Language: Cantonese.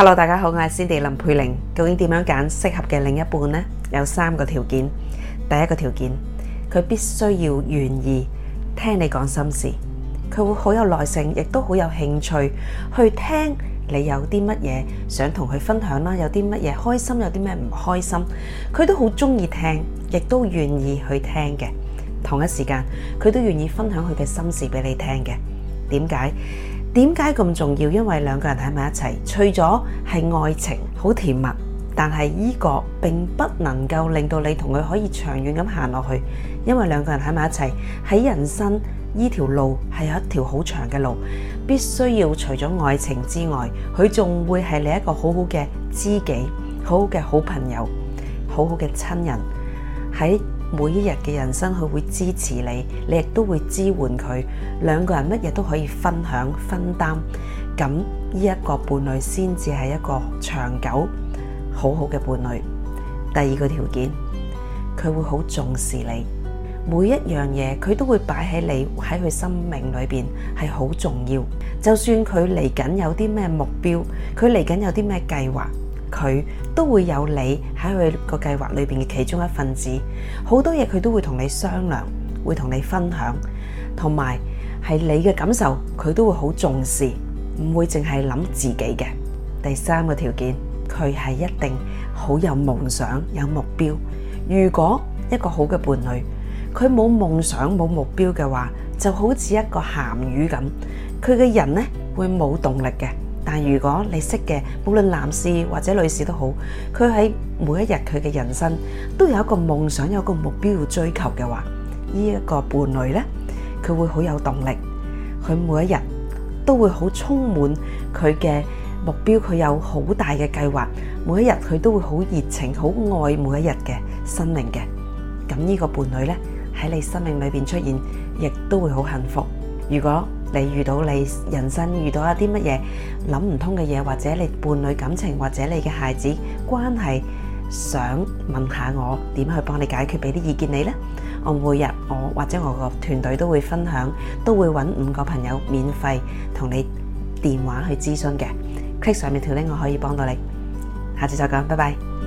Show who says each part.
Speaker 1: Hello，大家好，我係 Cindy 林佩玲。究竟點樣揀適合嘅另一半呢？有三個條件。第一個條件，佢必須要願意聽你講心事，佢會好有耐性，亦都好有興趣去聽你有啲乜嘢想同佢分享啦，有啲乜嘢開心，有啲咩唔開心，佢都好中意聽，亦都願意去聽嘅。同一時間，佢都願意分享佢嘅心事俾你聽嘅。點解？點解咁重要？因為兩個人喺埋一齊，除咗係愛情，好甜蜜，但係依個並不能夠令到你同佢可以長遠咁行落去。因為兩個人喺埋一齊，喺人生依條路係有一條好長嘅路，必須要除咗愛情之外，佢仲會係你一個好好嘅知己、好好嘅好朋友、好好嘅親人。喺每一日嘅人生，佢會支持你，你亦都會支援佢。兩個人乜嘢都可以分享分擔，咁呢一個伴侶先至係一個長久好好嘅伴侶。第二個條件，佢會好重視你，每一樣嘢佢都會擺喺你，喺佢生命裏邊係好重要。就算佢嚟緊有啲咩目標，佢嚟緊有啲咩計劃。佢都會有你喺佢個計劃裏邊嘅其中一份子，好多嘢佢都會同你商量，會同你分享，同埋係你嘅感受佢都會好重視，唔會淨係諗自己嘅。第三個條件，佢係一定好有夢想、有目標。如果一個好嘅伴侶，佢冇夢想、冇目標嘅話，就好似一個鹹魚咁，佢嘅人呢會冇動力嘅。但如果你識嘅，無論男士或者女士都好，佢喺每一日佢嘅人生都有一個夢想，有個目標要追求嘅話，呢一個伴侶呢，佢會好有動力，佢每一日都會好充滿佢嘅目標，佢有好大嘅計劃，每一日佢都會好熱情，好愛每一日嘅生命嘅。咁呢個伴侶呢，喺你生命裏邊出現，亦都會好幸福。如果你遇到你人生遇到一啲乜嘢諗唔通嘅嘢，或者你伴侶感情，或者你嘅孩子關係，想問下我點去幫你解決，俾啲意見你呢？我每日我或者我個團隊都會分享，都會揾五個朋友免費同你電話去諮詢嘅。Click 上面條 link，我可以幫到你。下次再講，拜拜。